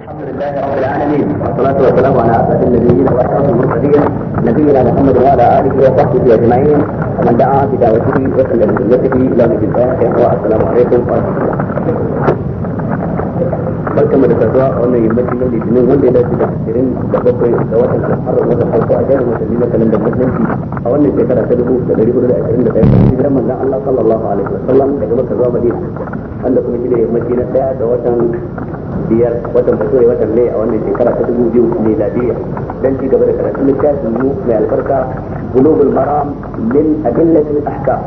الحمد لله رب العالمين والصلاة والسلام على أسعد النبيين وأشرف المرسلين نبينا محمد وعلى آله وصحبه أجمعين ومن دعا بدعوته وسلم بسنته إلى يوم الدين والسلام عليكم ورحمة الله. barkanmu da kasuwa a wannan yammacin na litinin wanda ya dace da ashirin da bakwai da watan al'adar watan farko a jerin watanni na kalandar musulunci a wannan shekara ta dubu da dari hudu da ashirin da ɗaya da hijiran manzon Allah sallallahu alaihi wasallam daga Makka zuwa Madina wanda kuma shi ne yammaci na ɗaya da watan biyar watan ya watan mai a wannan shekara ta dubu biyu miladiyya dan ci gaba da karatun littafin mu mai albarka global maram min adillatil ahkam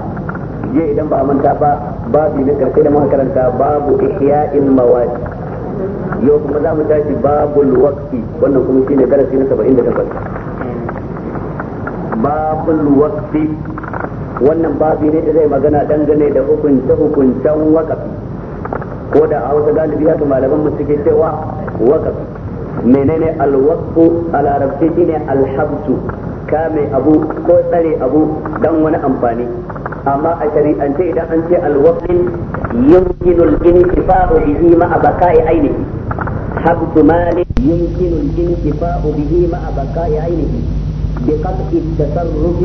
je idan ba a manta ba babu na karfe da muka karanta babu ihya'il mawad yau kuma za mu tashi babu waqti wannan kuma shi ne darasi na 78 babul waqti wannan babu ne da zai magana dangane da hukunce hukuncen waqafi ko da a wasu galibi haka malaman mu suke cewa waqaf menene alwaqfu a larabci shine alhabsu kame abu ko tsare abu dan wani amfani amma a shari'ance idan an ce alwaqfin yumkinu al-intifa'u bihi ma'a baqa'i ainihi habsu mali yumkinu al-intifa'u bihi ma'a baqa'i ainihi بقطع التصرف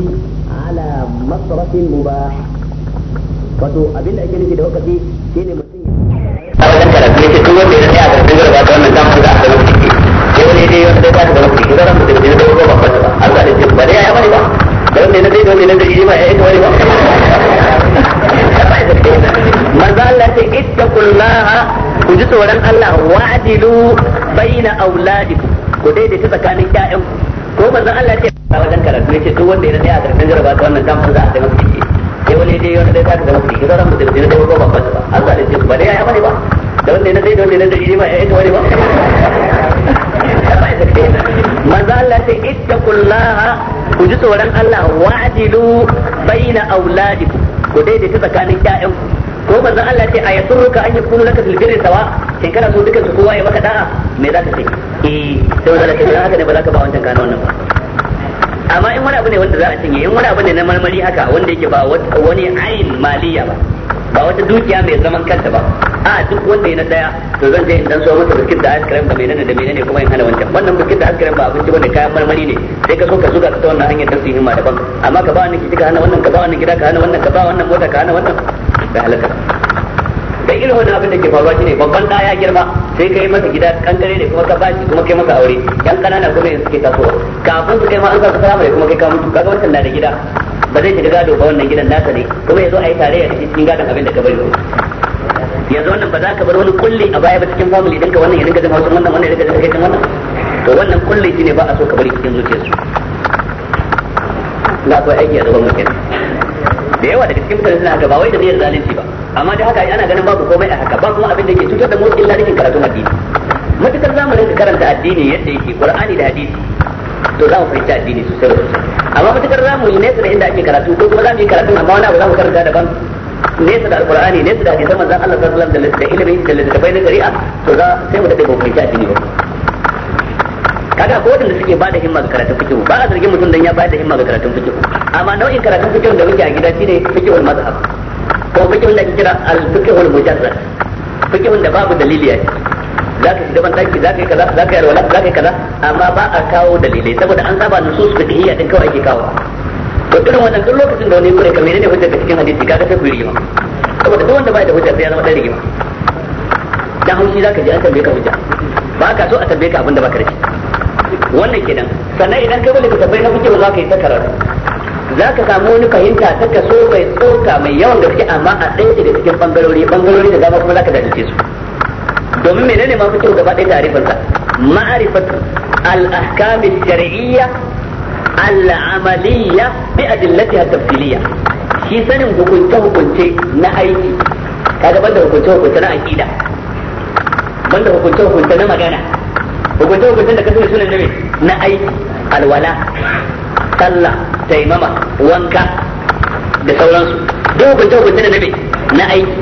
على مصرف مباح wato abin da ake nufi da wakafi shine ce duk wanda ya tsaya ta wannan damar da aka wani dai wanda ya tsaya da da wanda ya yi ta wani Allah ce ku ji tsoron Allah wa'dilu baina auladikum ku daidaita tsakanin ƴaƴanku ko Allah ce a wajen karatu yace duk wanda ya tsaya ta wannan damar wani dai wanda ya tsaya zaran mutum ba Allah ne ce ba dai ya ba da wanda na zai da wanda na zai ba ya ita wani ba Maza Allah sai ittaqullaha ku ji tsoron Allah wa'dilu baina auladikum ku daidaita tsakanin ƴaƴanku ko Maza Allah a sai ka an yakunu laka fil birri sawa shin kana so dukan su kowa ya maka da'a me za ka ce eh sai wanda ce haka ne ba za ka ba wancan kana wannan ba amma in wani abu ne wanda za a cinye in wani abu ne na marmari haka wanda yake ba wani ayin maliya ba ba wata dukiya mai zaman kanta ba a duk wanda yana daya to zan je in dan so masa biskit da ice cream da menene da menene kuma in hana wancan wannan biskit da ice cream ba abinci bane kayan marmari ne sai ka so ka zuga ta wannan hanyar dan su himma daban amma ka ba wannan kiti ka hana wannan ka ba wannan gida ka hana wannan ka ba wannan mota ka hana wannan da halaka da irin wannan abin da ke faruwa shine babban da ya girma sai kai masa gida kankare ne kuma ka bashi kuma kai masa aure yan kanana kuma yanzu suke tasowa kafin su kai ma an sa su fara kuma kai ka mutu kaga wancan na da gida ba zai shiga gado ba wannan gidan nasa ne kuma yazo ayi tarayya cikin cikin gadon abin da ka bari yanzu wannan ba za ka bar wani kulli a baya ba cikin family dinka wannan ya dinga jin hausin wannan wannan ya dinga jin hausin wannan to wannan kulli shine ba a so ka bari cikin zuciyarsu da akwai aiki a gaban mutum da yawa daga cikin mutane suna haka ba wai da niyyar zalunci ba amma da haka ana ganin babu komai a haka ba kuma abin da ke cutar da mu illa dikin karatun addini matukar zamanin karanta addini yadda yake qur'ani da hadisi to za mu fahimci addini sosai da sosai amma matukar za mu yi nesa da inda ake karatu ko kuma za mu yi karatu amma wani abu za mu karanta daban nesa da alkur'ani nesa da hadisan manzon Allah sallallahu alaihi wasallam da ilimin da littafai na shari'a to za sai mu dade ba mu fahimci addini ba kaga ko wanda suke bada himma ga karatun fikihu ba a zargin mutum dan ya bada himma ga karatun fikihu amma nau'in karatun fikihu da muke a gida shine fikihul mazhab ko fikihun da ake kira al-fikihul mujarrad fikihun da babu dalili ya ciki za ka shiga ban daki za ka yi kaza za ka yi alwala za ka yi kaza amma ba a kawo dalilai saboda an saba nusus fiqhiyya din kawai ake kawo to irin wannan duk lokacin da wani kure ka menene hujja ka cikin hadisi kaga sai ku rigima saboda duk wanda bai da hujja sai ya zama dan rigima dan haushi za ka ji an tambaye ka hujja ba ka so a tambaye ka abin da baka da shi wannan kenan sannan idan kai bane ka tambaye na hujja ba za ka yi ta karatu za ka samu wani fahimta ta kaso mai tsoka mai yawan gaske amma a ɗaya daga cikin bangarori bangarori da dama kuma za ka dace su domin menene ma fikiru gaba ɗaya ta'arifin sa ma'rifatu al-ahkam al-shar'iyya al-amaliyya bi adillatiha tafsiliyya shi sanin hukunce hukunce na aiki k'a kaga banda hukunce hukunce na aqida banda hukunce hukunce na magana hukunce hukunce da kasance sunan ne na aiki alwala sallah taimama wanka da sauransu duk hukunce hukunce da nabi na aiki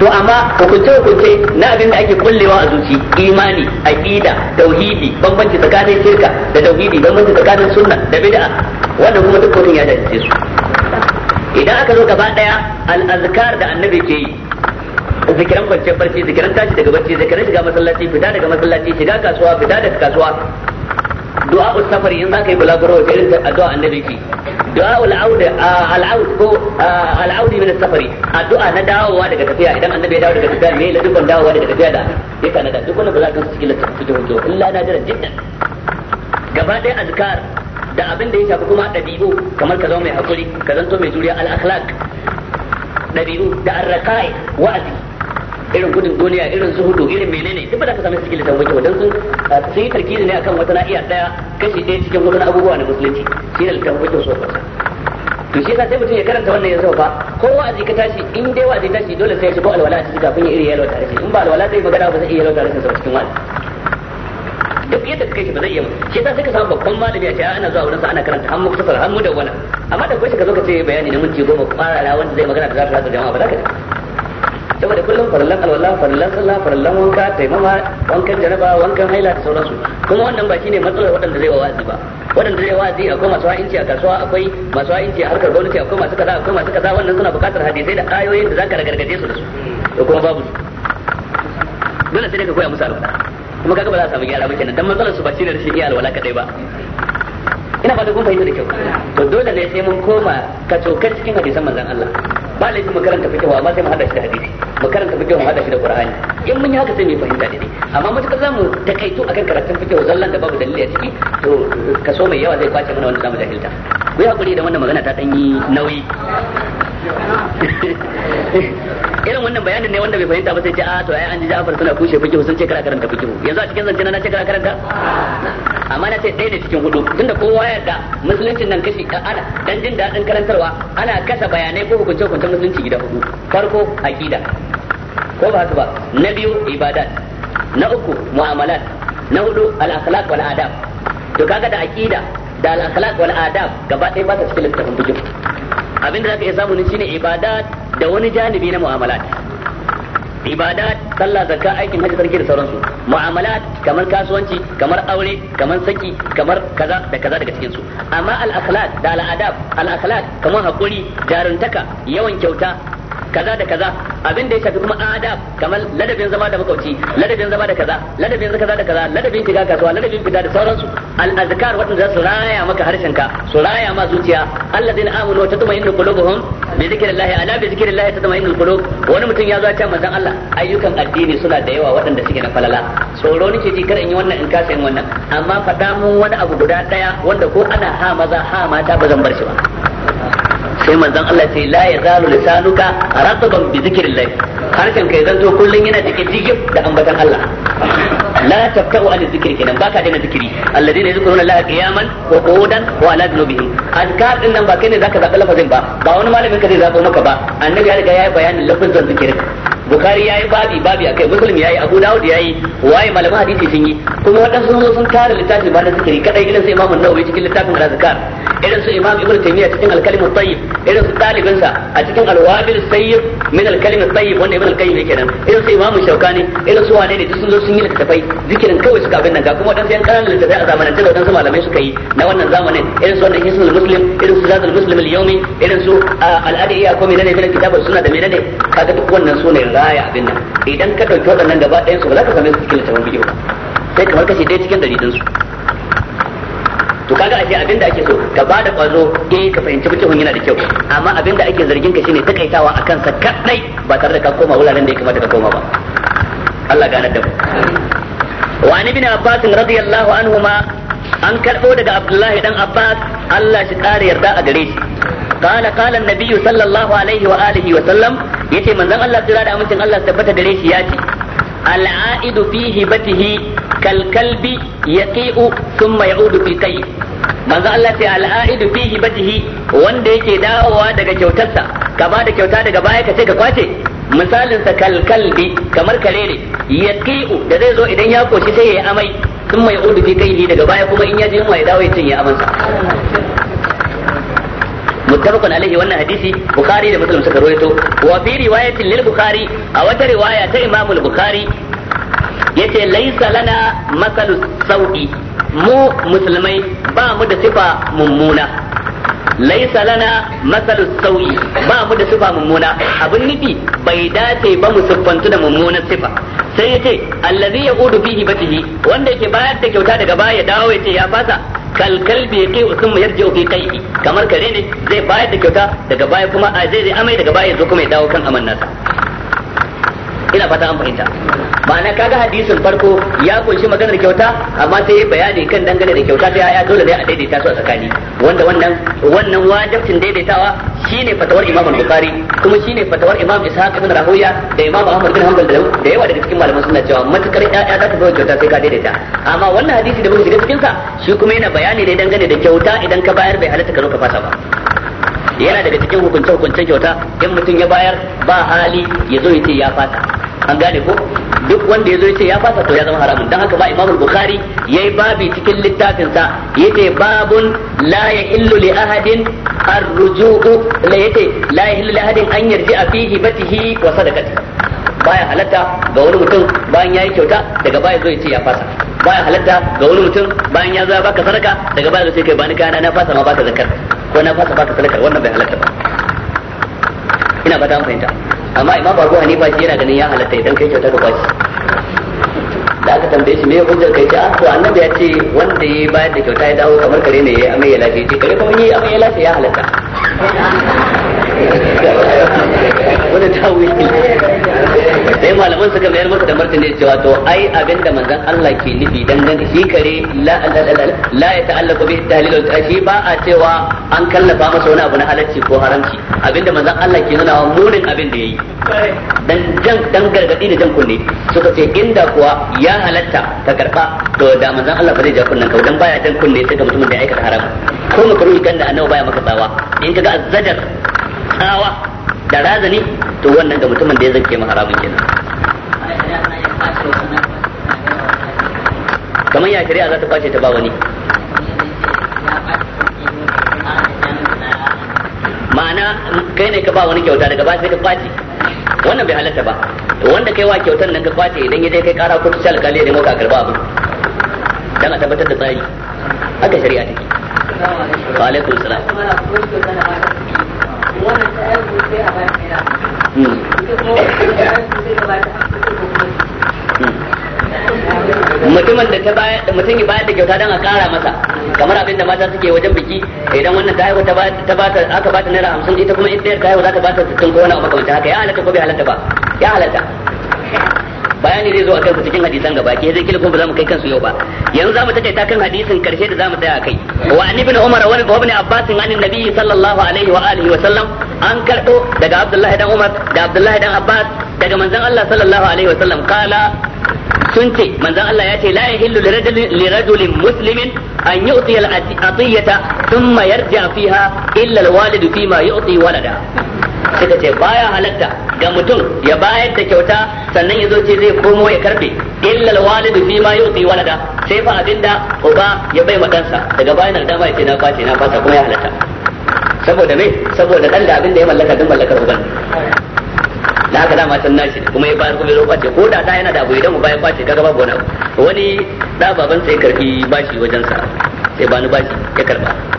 to amma hukunce hukunce na abin da ake kullewa a zuci imani aqida tauhidi bambanci tsakanin shirka da tauhidi bambanci tsakanin sunna da bid'a wannan kuma duk kotun ya dace su idan aka zo gaba daya al-azkar da annabi ke yi zikiran kwanciyar barci zikiran tashi daga barci zikiran shiga masallaci fita daga masallaci shiga kasuwa fita daga kasuwa du'a ul safari in zaka yi bulaguro da irin addu'a annabi ki du'a ul aud al aud ko al aud min safari addu'a na dawowa daga tafiya idan annabi ya dawo daga tafiya me la dukkan dawowa daga tafiya da ya kana da duk wannan ba za ka cikin littafin to illa na jira jiddan gaba ɗaya azkar da abin da ya shafi kuma ɗabi'u kamar ka zama mai hakuri ka zanto mai juriya al akhlaq ɗabi'u da arraqai wa'azi irin gudun duniya irin hudu irin menene duk ba za ka samu cikin littafin wuce wadansu ah, sun yi tarkizi ne akan wata na'iya daya kashi ɗaya cikin wasu abubuwa na musulunci shi ne littafin fiqh so to shi yasa sai mutum ya karanta wannan zo ba ko wa ka tashi in dai ka tashi dole sai ya shigo alwala a cikin kafin ya iri yalwa tare in ba alwala zai magana ba zai iya yalwa tare sa cikin wani duk yadda kai shi ba zai iya shi yasa sai ka samu babban malami a ce ana ah, zuwa wurin sa ana karanta har mu da wani amma da kai ka zo ka ce bayani na minti goma kwarara wanda zai magana da za ka jama'a ba za ka saboda kullum farallan alwala farallan sallah farallan wanka taimama wankan jaraba wankan haila da sauransu kuma wannan ba shine matsalar waɗanda zai wazi ba waɗanda zai wazi akwai masu wa'inci a kasuwa akwai masu wa'inci a harkar gwamnati akwai masu kaza akwai masu kaza wannan suna buƙatar hadisai da ayoyin da zaka ragargaje su da su to kuma babu su dole sai ka koya musu alwala kuma kaga ba za a samu gyara ba kenan dan matsalar su ba shine rashin iya alwala kadai ba ina fata kun fahimta da kyau to dole ne sai mun koma ka tsokar cikin hadisan manzon Allah ba laifin mu karanta fikihu amma sai mu hada shi da hadisi mu karanta fikihu mu hada shi da qur'ani in mun yi haka sai mu fahimta daidai amma matukar zamu takaito akan karatun fikihu zallan da babu dalili a ciki to kaso mai yawa zai kwace mana wanda zamu jahilta ku yi hakuri da wannan magana ta danyi nauyi irin wannan bayanin ne wanda bai fahimta ba sai ce a ah, to ai an ji Ja'far suna kushe fiki sun ce kara karanta fiki yanzu a cikin zance na ce kara karanta amma na ce ɗaya ne cikin hudu tunda kowa ya da musuluncin nan kashi ana dan jin daɗin karantarwa ana kasa bayanai ko hukunce hukunce musulunci gida hudu farko aqida ko ba haka ba na biyu ibadat na uku mu'amalat na hudu al-akhlaq wal adab to kaga da aqida da al-akhlaq wal adab gaba ɗaya ba ta cikin littafin fiki abin da za ka iya samu ne shine ibada da wani janibi na mu'amalat ibada sallah zakka aikin hajji sarki da sauransu mu'amalat kamar kasuwanci kamar aure kamar saki kamar kaza da kaza daga cikin su amma al akhlaq da al adab al akhlaq kamar hakuri jaruntaka yawan kyauta kaza da kaza abin da ya shafi kuma adab kamar ladabin zama da makauci ladabin zama da kaza ladabin kaza da kaza ladabin kiga kasuwa ladabin fita da sauransu al azkar wadanda su raya maka harshen ka su raya ma zuciya alladheena amanu wa tatma'innu qulubuhum bi zikrillahi ala bi zikrillahi tatma'innul qulub wani mutum ya zo can manzon Allah ayyukan addini suna da yawa waɗanda suke na falala tsoro nake ji kar in yi wannan in kasa yin wannan amma faɗa mun wani abu guda ɗaya wanda ko ana ha maza ha mata ba zan bar shi ba sai manzon Allah ce la yazalu lisanuka rataban bi zikrillah harshen kai zanto kullun yana cikin digib da ambatan Allah la taftau an zikri kenan baka daina zikiri alladheena yadhkuruna Allah qiyaman wa qu'udan wa ala junubihim azkar din nan ba kai ne zaka zaɓi lafazin ba ba wani malamin ka zai zabo maka ba annabi ya riga ya yi bayanin lafazin zikirin bukhari yi babi babi a akai muslim yi abu dawud yi waye malaman hadisi sun yi kuma wadansu sun zo sun tara littafin ba da zikiri kadai irin su imamu nawawi cikin littafin al-azkar irin su imam ibnu taymiya cikin al-kalim at-tayyib irin su talibin sa a cikin al-wabil sayyib min al-kalim tayyib wanda ibnu al-qayyim yake nan irin su imamu shaukani irin su wane ne duk sun zo sun yi littafai zikirin kawai suka abin nan ga kuma wadansu yan kananan littafai a zamanin da wadansu malamai suka yi na wannan zamanin irin su wannan hisnul muslim irin su zadul muslim al-yawmi irin su ah, al-adiya ko menene menene kitabul sunna da menene kaga duk wannan sunayen kaza ya abin nan idan ka ɗauki waɗannan gaba ɗayan su ba za ka same su cikin littafin fiƙi ba sai kamar kashi ɗaya cikin ɗari ɗinsu to kaga ashe abinda ake so ka ba da ƙwazo eh ka fahimci fiƙihun yana da kyau amma abinda ake zargin ka shine takaitawa a kansa kaɗai ba tare da ka koma wuraren da ya kamata ka koma ba Allah ganar da mu wa ibn abbas radiyallahu ma an karɓo daga abdullahi dan abbas Allah shi ƙara yarda a gare shi قال قال النبي صلى الله عليه وآله وسلم yace manzon Allah tsira da amincin Allah tabbata dare shi ya ce al'aidu fi hibatihi kalbi yaqi'u thumma ya'udu fil qayb manzon Allah ce al'aidu fi hibatihi wanda yake dawowa daga kyautarsa ka ba da kyauta daga baya ka ce ka kwace misalin sa kalkalbi kamar kare ne yaqi'u da zai zo idan ya koshi sai ya amai thumma ya'udu fi kayhi daga baya kuma in ya ji yunwa ya dawo ya ce ya amansa muttafaqun alaihi wannan hadisi bukhari da muslim suka rawaito wa fi riwayatin lil bukhari a wata riwaya ta imamu al bukhari yace laysa lana masalu sau'i mu musulmai ba mu da sifa mummuna laisa lana masalu sauyi ba mu da sifa mummuna abin nufi bai dace ba mu siffantu da mummunan sifa sai yace allazi yaqudu bihi batihi wanda yake bayar da kyauta daga baya ya dawo yace ya fasa kalkal bi kai wa kuma yarji'u fi kai kamar kare ne zai bayar da kyauta daga baya kuma a zai zai amai daga baya zo kuma ya dawo kan aman nasa ina fata an fahimta ma'ana kaga hadisin farko ya ƙunshi maganar kyauta amma sai ya bayani kan dangane da kyauta ta yaya dole ne a daidaita su a tsakani wanda wannan wannan wajibcin daidaitawa shine fatawar Imam Bukhari kuma shine fatawar Imam Ishaq ibn Rahoya da Imam Ahmad bin Hanbal da yawa daga cikin malaman suna cewa matukar ƴaƴa za ta zo kyauta sai ka daidaita amma wannan hadisi da muka shiga cikin sa shi kuma yana bayani ne dangane da kyauta idan ka bayar bai halatta ka zo ka fasa ba yana daga cikin hukunce hukuncen kyauta in mutum ya bayar ba hali ya zo ya ce ya fasa an gane ko duk wanda yazo yace ya fasa to ya zama haramun dan haka ba Imam Bukhari yayi babi cikin littafin sa yace babun la illu li ahadin ar-ruju'u la yace la illu li ahadin an a fihi batihi wa sadaqati baya halatta ga wani mutum bayan yayi kyauta daga baya zo yace ya fasa baya halatta ga wani mutum bayan ya zo ya baka sadaka daga baya zo yace kai bani kana na fasa ma baka zakar ko na fasa baka sadakar wannan bai halatta ba ina fata an fahimta amma imam abu hanifa shi yana ganin ya halatta idan kai kyauta ka kwaci da aka tambaye shi me ya hujjar kai ta to annabi ya ce wanda ya bayar da kyauta ya dawo kamar kare ne ya amai ya lafiya ce kare kuma yi amai ya lafiya ya halatta wani tawili sai malaman suka bayar masa da martani cewa to ai abinda manzon Allah ke nufi dangane shi kare la la ya ta'allaqu bi tahlil wal tashi ba a cewa an kallafa masa wani abu na halacci ko haramci abinda manzon Allah ke nuna wa murin abin da yayi dan jan dan gargadi da jan kunne suka ce inda kuwa ya halatta ka karba to da manzon Allah ba zai ja kunnen ka dan baya jan kunne sai ga mutumin da ya aikata haram ko makaruhi kan da annabi baya maka tsawa in kaga azzajar tsawa da razani to wannan da mutumin da ya zance ma haramun kenan kamar ya shari'a za ta kwace ta ba wani ma'ana kai ne ka ba wani kyauta daga baya sai ka kwace wannan bai halatta ba wanda kai wa kyautar nan ka kwace idan ya je kai kara kotu sai alkali nemo ka karba abin dan a tabbatar da tsari haka shari'a take wa alaikum salam Hmm. mutumin da ta bayar mutum ya bayar da kyauta don a kara masa kamar abin da mata suke wajen biki idan wannan ta haihu ta ba ta aka ba ta naira hamsin ita kuma in ɗayar ta haihu za ta bata sittin ko wani abu makamanta haka ya halatta ko bai halatta ba ya halatta bayani zai zo a kansu cikin hadisan gaba ke zai kila ko ba za mu kai kansu yau ba yanzu za mu ta kan hadisin karshe da za mu tsaya kai wa an ibn umar wa ibn abbas an annabi sallallahu alaihi wa alihi wa sallam an kardo daga abdullahi dan umar da abdullahi dan abbas daga manzon Allah sallallahu alaihi wa sallam kala sun ce manzon Allah ya ce la yahillu li rajulin muslimin an yu'ti al-atiyata thumma yarja fiha illa al-walidu fima yu'ti walada suka ce baya halatta ga mutum ya bayar da kyauta sannan ya zo ce zai komo ya karbe illa alwalidu fi ma yuti walada sai fa abinda uba ya bai madansa daga bayan da ba yace na kwace na fasa kuma ya halata. saboda me saboda dan da abin da ya mallaka din mallakar uban da haka dama san nashi kuma ya bayar kuma ya kwace ko da ta yana da abu idan uba ya kwace kaga babu wani wani da baban sai karbi bashi wajensa sai bani bashi ya karba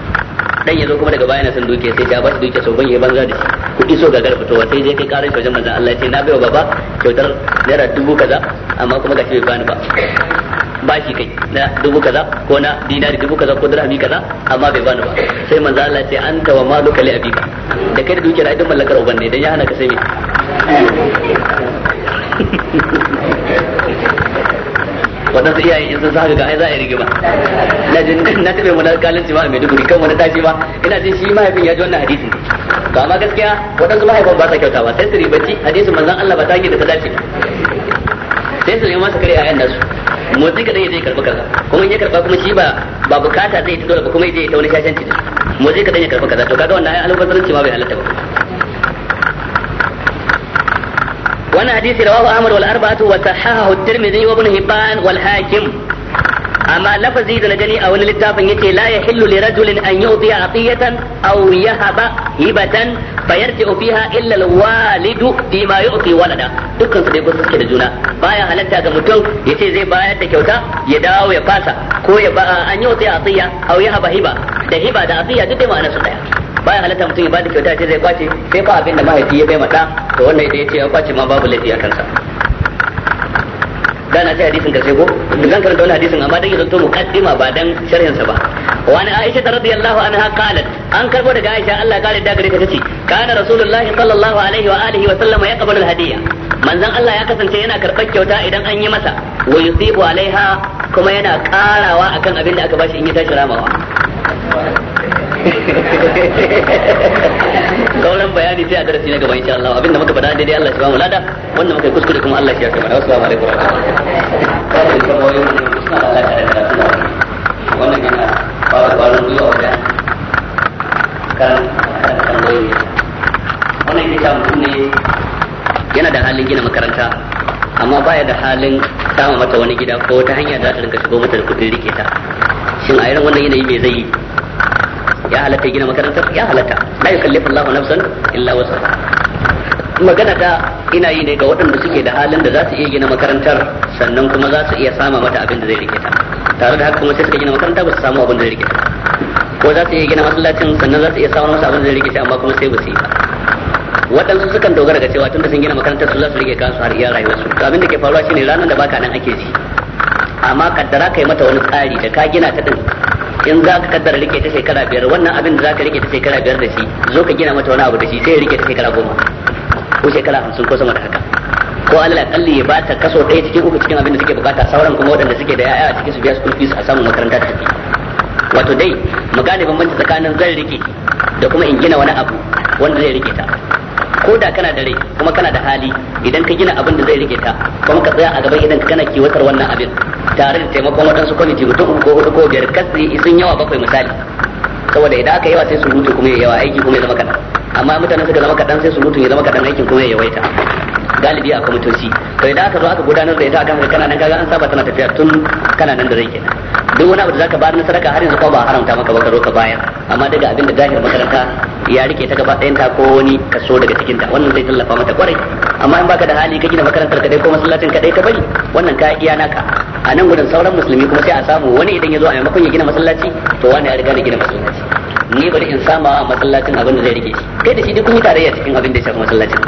dan yazo kuma daga baya na san dukiya sai ta ba shi dukiya sau ban ya banza da shi kuɗi so gagar fitowa sai je kai karin wajen manzon Allah ce na baiwa baba kyautar naira dubu kaza amma kuma gashi bai bani ba ba shi kai na dubu kaza ko na dinari dubu kaza ko dirhami kaza amma bai bani ba sai manzon Allah ce anta wa maluka li abika da kai da dukiyar ai duk mallakar uban ne dan ya hana ka sai me waɗansu iyaye in sun saka ga ai za a yi rigima na jin na tabe mu alƙalanci ba a Maiduguri kan wani tashi ba ina jin shi mahaifin ya ji wannan hadisi Ba amma gaskiya waɗansu mahaifan ba sa ba sai su ribaci hadisin manzon Allah ba ta yi da ta dace sai su nemi masa kare a yanda su motsi kadan ya je karba kaza kuma in ya karba kuma shi ba ba bukata zai ta dole ba kuma ya je ta wani shashanci motsi kadan ya karba kaza to kaga wannan ayan alƙalanci ma bai halatta ba wannan hadisi rawahu Ahmad wal arba'atu wa sahahahu Tirmidhi wa Ibn Hibban wal Hakim amma lafazi da na gani a wani littafin yace la yahillu li rajulin an yu'tiya atiyatan aw yahaba hibatan fayarji'u fiha illa al-walidu bima yu'ti walada dukkan su dai gudu suke da juna baya halatta ga mutum yace zai bayar da kyauta ya dawo ya fasa ko ya ba an yu'tiya atiya aw yahaba hiba da hiba da atiya duk dai ma'anar su daya baya halatta mutum ya bada kyauta ce zai kwace sai ba abin da mahaifi ya bai mata to wannan idan ya ce ya kwace ma babu laifi a kansa da na ce hadisin ka sai ko zan karanta wani hadisin amma dan ya zanto muqaddima ba dan sharhin sa ba wani Aisha ta radiyallahu anha qalat an karbo daga Aisha Allah kare da gare ta tace kana rasulullahi sallallahu alaihi wa alihi wa sallama yaqbalu alhadiya manzon Allah ya kasance yana karɓar kyauta idan an yi masa wa yusibu alaiha kuma yana karawa akan abin da aka bashi in ya tashi ramawa kawalan bayani sai a darasi na gaba insha Allah abinda muka faɗa daidai Allah shi ba lada wanda muka kuskure kuma Allah shi ya kamar assalamu alaikum wa rahmatullahi wannan yana ba da kwarin gwiwa wajen kan yana da halin gina makaranta amma baya da halin samun mata wani gida ko ta hanyar da ta rinka shigo mata da kudin rike ta shin a irin wannan yanayi me zai yi ya halatta gina makarantar ya halatta la yukallifu Allahu nafsan illa wasa magana ta ina yi ne ga waɗanda suke da halin da za su iya gina makarantar sannan kuma za su iya sama mata abin da zai rike ta tare da haka kuma sai suka gina makaranta ba su samu abin da zai rike ta ko za su iya gina masallacin sannan za su iya samun masa abin da zai rike ta amma kuma sai ba su yi ba waɗansu sukan dogara ga cewa tun da sun gina makarantar su za su rike kansu har iya rayuwarsu to abin da ke faruwa shine ranar da baka nan ake ji amma kaddara kai mata wani tsari da ka gina ta din in za ka kaddara rike ta shekara biyar wannan abin da za ka rike ta shekara biyar da shi zo ka gina mata wani abu da shi sai ya rike ta shekara goma ko shekara hamsin ko sama da haka ko alal akalli ya bata kaso ɗaya cikin uku cikin abin da suke bukata sauran kuma waɗanda suke da yaya a cikin su biya school fees a samu makaranta ta tafi wato dai mu gane bambanci tsakanin zan rike da kuma in gina wani abu wanda zai rike ta ko da kana da rai kuma kana da hali idan ka gina abin da zai rike ta kuma ka tsaya a gaban idan kana kiwatar wannan abin tare da taimakon waɗansu kwamiti mutum uku ko hudu ko biyar kasri sun yawa bakwai misali saboda idan aka yawa sai su mutu kuma ya yawa aiki kuma ya zama kaɗan amma mutane suka zama kaɗan sai su mutu ya zama kaɗan aikin kuma ya yawaita galibi a kwamitoci to idan aka zo aka gudanar da ita a haka kana nan kaga an saba tana tafiya tun kana nan da rai kenan duk wani abu da zaka bayar na sadaka har yanzu ko ba haramta maka ba ka zo ka bayar amma daga abin da zahir makaranta ya rike ta gaba ɗayan ta ko wani kaso daga cikin ta wannan zai tallafa mata kwarai amma in baka da hali ka gina makarantar ka dai ko masallacin ka dai ka bari wannan ka iya naka a nan gudun sauran musulmi kuma sai a samu wani idan ya zo a maimakon ya gina masallaci to wani ya riga da gina masallaci ni bari in sama a masallacin abin da zai rike shi kai da shi duk mutane yi tarayya cikin abin da ya shafi masallacin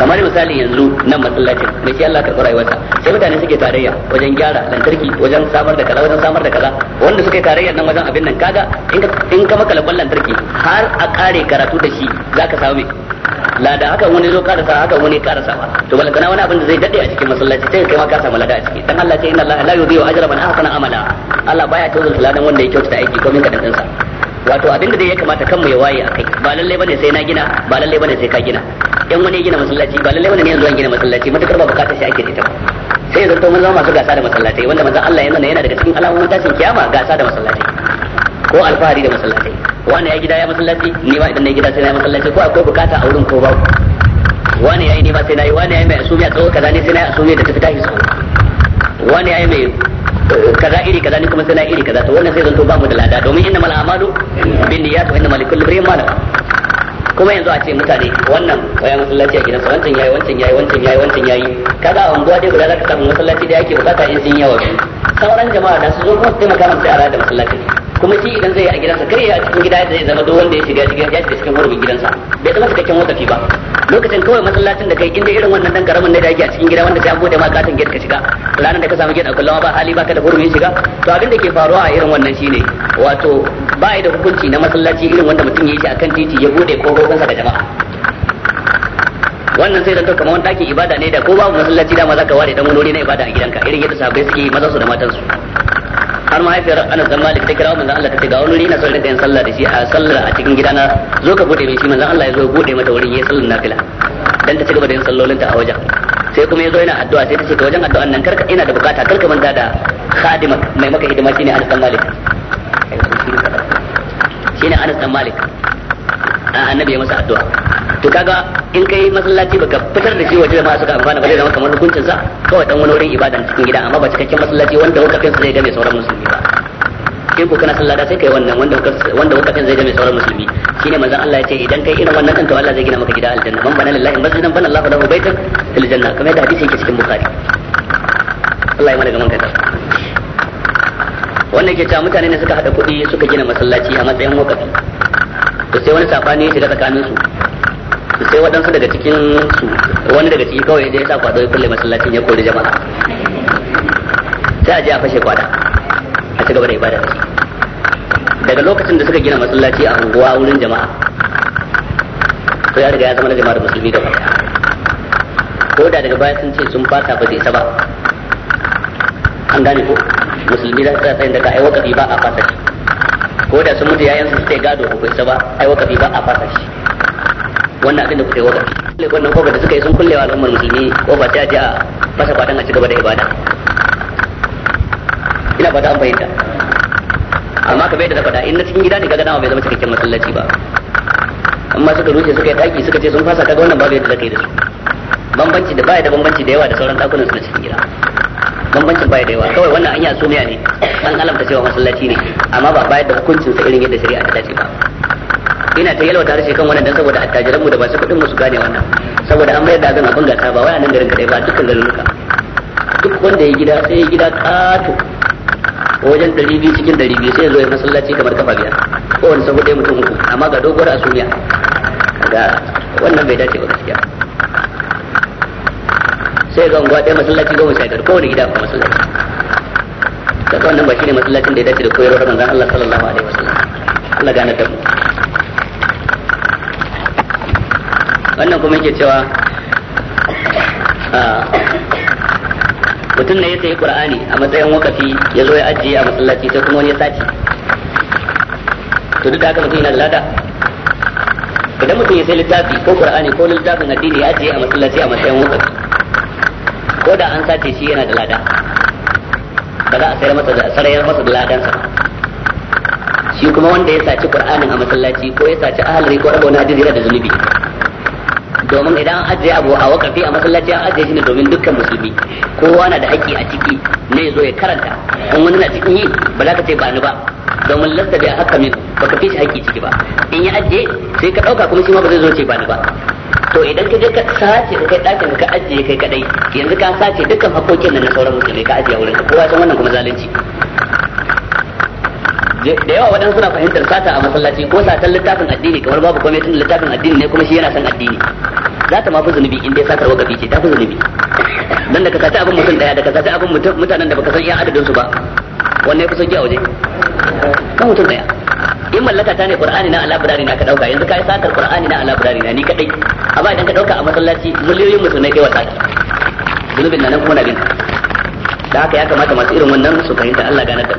kamar misali yanzu nan masallacin mai shi Allah karɓi rayuwarsa sai mutane suke tarayya wajen gyara lantarki wajen samar da kaza wajen samar da kaza wanda suke tarayya nan wajen abin nan kaga in ka maka lantarki har a kare karatu da shi zaka samu lada haka wani zo karasa haka wani karasa ba to bal na wani abin da zai dade a cikin masallaci sai kai ma ka samu lada a ciki dan Allah ce inna Allah la yudhi'u ajra man ahsana amala Allah baya tozulta ladan wanda ya kyautata aiki ko min kadan sa wato abin da ya kamata kanmu ya waye akai ba lalle bane sai na gina ba lalle bane sai ka gina in wani ya gina masallaci ba lalle bane ne yanzu an gina masallaci matakar ba bukatar shi ake da ita sai zanto mun zama masu gasa da masallaci wanda manzo Allah ya nuna yana daga cikin alamomin tashin kiyama gasa da masallaci. ko alfahari da masallaci wani ya gida ya masallaci ni ba idan na gida sai na masallaci ko akwai bukata a wurin ko ba wani ya yi ni ba sai na yi wani ya yi mai asumiya tsawo kaza ne sai na yi asumiya da ta fita hisu wani ya yi mai eh, kaza iri kaza ni kuma sai na iri kaza to wannan sai zanto ba mu da lada domin inna mal amalu bin niyyat wa inna mal kulli imrin ma kuma yanzu a ce mutane wannan waya masallaci a gidansa wancan yayi wancan yayi wancan yayi wancan yayi kaza a unguwa dai guda zaka samu masallaci da yake bukata in sun yawa biyu sauran jama'a da su zo kuma taimaka masa a da masallaci kuma shi idan zai yi a gidansa kar ya a cikin gida da zai zama duk wanda ya shiga shiga ya shiga cikin hurumin gidansa bai zama cikakken wakafi ba lokacin kawai masallacin da kai inda irin wannan dan karamin na da yake a cikin gida wanda sai an bude ma katin gate ka shiga ranar da ka samu gate a ba hali baka da hurumin shiga to abin da ke faruwa a irin wannan shine wato ba da hukunci na masallaci irin wanda mutum ya yi shi akan titi ya bude kofofinsa da jama'a wannan sai zanto kamar wani ɗakin ibada ne da ko babu masallaci dama zaka ware dan wani na ibada a gidanka irin yadda sahabbai suke maza su da matansu har mahaifiyar ana zama da ta kirawo manzan Allah ta ce ga wani ina sauri da yin sallah da shi a sallar a cikin gidana zo ka bude min shi manzan Allah ya zo bude mata wurin yayin sallar nafila dan ta ci gaba da yin ta a wajen sai kuma ya zo yana addu'a sai ta ce ka wajen addu'an nan karka ina da bukata karka manta da khadima mai maka hidima shine Anas dan Malik shine Anas dan Malik annabi ya masa addu'a to kaga in kai masallaci baka fitar da shi waje su ka amfana ba zai zama kamar hukuncin sa kawai dan wani wurin ibada cikin gida amma ba cikakken masallaci wanda wakafin zai game sauran musulmi ba ke ko kana sallah da sai kai wannan wanda wanda wakafin zai game sauran musulmi shine manzon Allah ya ce idan kai irin wannan kan to Allah zai gina maka gida aljanna man bana lillahi masjidan bana Allahu lahu baitan fil janna kuma yadda hadisi yake cikin bukhari Allah ya mana gaman kanta wannan ke cewa mutane ne suka hada kuɗi suka gina masallaci a matsayin wakafi to sai wani safani ya shiga tsakanin su to sai waɗansu daga cikin su wani daga ciki kawai da ya sa kwado ya kulle masallacin ya kori jama'a sai a je a fashe kwada a ci gaba da ibada daga lokacin da suka gina masallaci a unguwa wurin jama'a to ya riga ya zama na jama'ar musulmi da baya ko da daga baya sun ce sun fasa ba zai ba an gane ko musulmi da suka tsayin daga aiwata ba a fasa shi ko da sun mutu yayan su suke gado ko isa ba ai wakafi ba a fasa shi wannan abin da kuke wakafi wakafi wannan kofar da suka yi sun kullewa al'ummar musulmi kofar ta ji a fasa kwatan a cigaba da ibada ina fata an fahimta amma ka bai da faɗa in na cikin gida ne ga dama bai zama cikakken masallaci ba amma suka rushe suka yi daki suka ce sun fasa kaga wannan babu yadda zaka yi da su bambanci da baya da bambanci da yawa da sauran takunan su na cikin gida bambancin baya da yawa kawai wannan anya sumiya ne an alamta cewa masallaci ne amma ba bayar da hukuncin sa irin yadda shari'a ta dace ba ina ta yalwata harshe kan wannan dan saboda attajiran mu da su kuɗin mu su gane wannan saboda an mayar da abin abin gasa ba wai a nan garin kadai ba dukkan garuruka duk wanda ya gida sai ya gida kato wajen ɗari biyu cikin ɗari biyu sai ya zo ya masallaci kamar kafa biyar kowane saboda ya mutum uku amma ga doguwar asumiya ga wannan bai dace ba gaskiya sai ga unguwa ɗaya masallaci goma sha biyar kowane gida ko masallaci ga wannan ba shine masallacin da ya dace da koyarwar manzon Allah sallallahu alaihi wasallam Allah gane da mu wannan kuma yake cewa ah, mutum ne ya sayi qur'ani a matsayin wakafi ya zo ya ajiye a masallaci sai kuma wani ya sace to duk da haka mutum yana da lada idan mutum ya sayi littafi ko qur'ani ko littafin addini ya ajiye a masallaci a matsayin wakafi ko da an sace shi yana da lada ba za a sayar masa da sarayar masa da ladansa shi kuma wanda ya saci qur'anin a masallaci ko ya saci ahalari ko rabu na yana da zunubi domin idan an ajiye abu a wakafi a masallaci an ajiye shi ne domin dukkan musulmi kowa na da haƙƙi a ciki ne zo ya karanta in wani na cikin yi ba za ka ce ba ni ba domin lasta bai haka min ba ka fi shi haƙƙi ciki ba in ya ajiye sai ka ɗauka kuma shi ma ba zai zo ce ba ni ba to idan ka je ka sace ka kai dakin ka ajiye kai kadai yanzu ka sace dukkan hakokin na sauran mutane ka ajiye wurin kowa san wannan kuma zalunci da yawa waɗansu suna fahimtar sata a masallaci ko satan littafin addini kamar babu komai tun littafin addini ne kuma shi yana son addini za ta ma zunubi in dai satar wakafi ce ta fi zunubi dan da ka sata abin mutum daya da ka sata abin mutanen da baka san iya adadinsu su ba wannan ya fi sauki a waje dan mutum daya in mallaka ta ne qur'ani na alabrari na ka dauka yanzu kai satar qur'ani na alabrari na ni kadai amma idan ka dauka a masallaci miliyoyin musulmai kai wasa zulubin nan kuma na bin da haka ya kamata masu irin wannan su fahimta Allah ganar da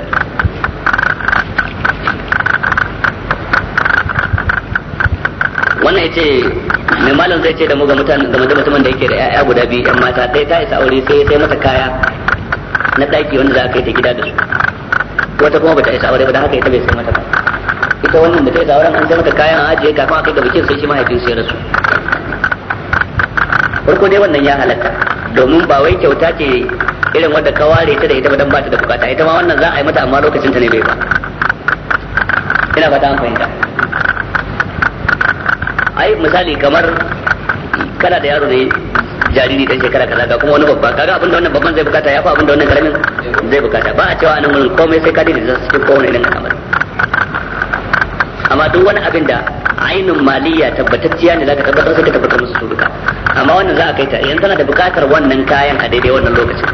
wannan yace mai malam zai ce da mu ga mutanen da mutumin da yake da ƴaƴa guda biyu ƴan mata sai ta isa aure sai sai mata kaya na ɗaki wanda za ka kai ta gida da su wata kuma bata isa aure ba da haka ita bai sai mata kaya kai wannan da kai ga wurin an sai maka kayan ajiye kafin a kai bikin sai shi mahaifin sai rasu farko dai wannan ya halatta domin ba wai kyauta ce irin wadda ka ware ta da ita ba dan ba ta da bukata ita ma wannan za a yi mata amma lokacin ta ne bai ba ina fata an fahimta ai misali kamar kana da yaro ne jariri dan shekara kaza ga kuma wani babba kaga abinda wannan babban zai bukata ya fi abinda wannan karamin zai bukata ba a cewa anan wurin komai sai ka daidaita zasu cikin kowane irin kamar amma duk wani abin da ainihin maliyya tabbatacciya ne zaka tabbatar sai ka tabbatar musu su duka amma wannan za a kai ta idan tana da bukatar wannan kayan a daidai wannan lokacin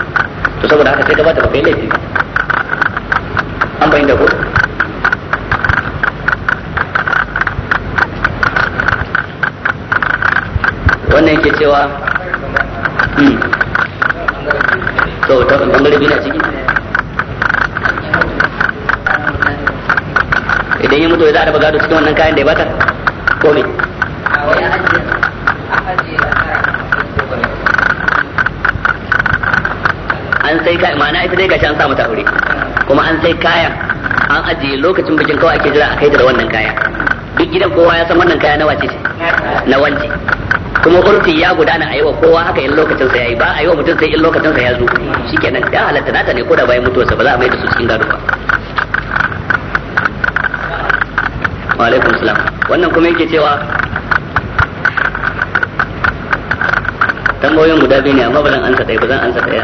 to saboda haka sai ka bata bakai laifi an bayyana ko wannan yake cewa to ta bangare biyu ciki gado ya za a raba gado cikin wannan kayan da ya bata ko me an sai kayan ma'ana ita dai gashi an sa mata aure kuma an sai kayan an ajiye lokacin bikin kawai ake jira a kai da wannan kaya duk gidan kowa ya san wannan kaya na wace na wance kuma urfi ya gudana a yi wa kowa haka in lokacin sa yayi ba a yi wa mutum sai in lokacin sa ya zo shikenan da halatta nata ne ko da bayan mutuwarsa ba za a mai da su cikin gado ba wa alaikum salam wannan kuma yake cewa tambayoyin guda biyu ne amma ba zan ansa ɗaya ba zan ansa ɗaya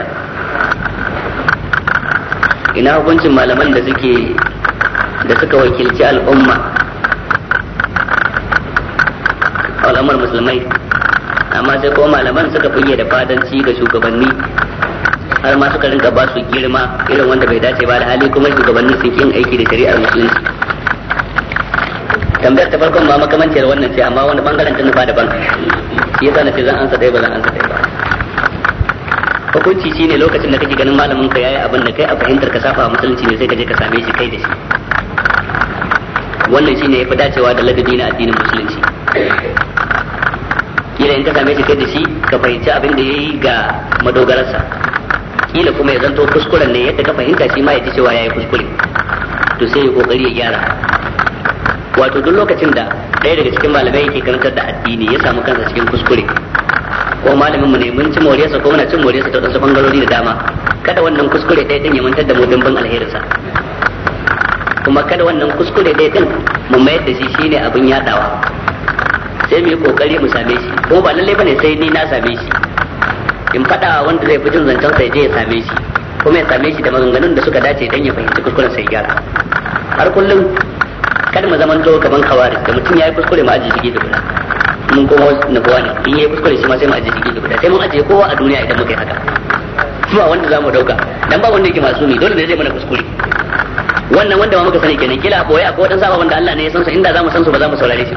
ina hukuncin malaman da suke da suka wakilci al'umma al'ummar musulmai amma sai kuma malaman suka fiye da fadanci ga shugabanni har ma suka rinka ba su girma irin wanda bai dace ba da hali kuma shugabanni sun yin aiki da shari'ar musulunci tambayar ta farkon ma makamanciyar wannan ce amma wani bangaren tun ba daban ya sa na ce zan ansa ɗaya ba zan ansa ɗaya ba hukunci shine lokacin da kake ganin malamin ka yayi abin da kai a fahimtar ka safa musulunci ne sai ka je ka same shi kai da shi wannan shine yafi dacewa da ladabi na addinin musulunci kila in ka same shi kai da shi ka fahimci abin da yayi ga madogararsa kila kuma ya zanto kuskuren ne yadda ka fahimta shi ma ya ji cewa yayi kuskure to sai ya kokari ya gyara wato duk lokacin da ɗaya daga cikin malamai yake karantar da addini ya samu kansa cikin kuskure ko malamin mu ne mun ci moriyarsa ko muna cin moriyarsa ta wasu bangarori da dama kada wannan kuskure ɗaya ɗin ya mantar da mu dimbin alherinsa kuma kada wannan kuskure ɗaya ɗin mu mayar da shi shine abin yadawa sai mu yi kokari mu same shi ko ba lalle bane sai ni na same shi in faɗa wanda zai fi jin zancen sai je ya same shi kuma ya same shi da maganganun da suka dace dan ya fahimci kuskuren sai gyara har kullum kada mu zaman to kaman khawarij da mutum yayi kuskure ma aje dige guda mun kuma na kowa ne in yayi kuskure shi ma sai mu aje dige guda sai mun aje kowa a duniya idan muka yi haka ba wanda zamu dauka dan ba wanda yake masumi dole ne zai mana kuskure wannan wanda ma muka sani kenan kila boye kowa dan ababen da Allah ne ya san su inda zamu san su ba zamu saurare shi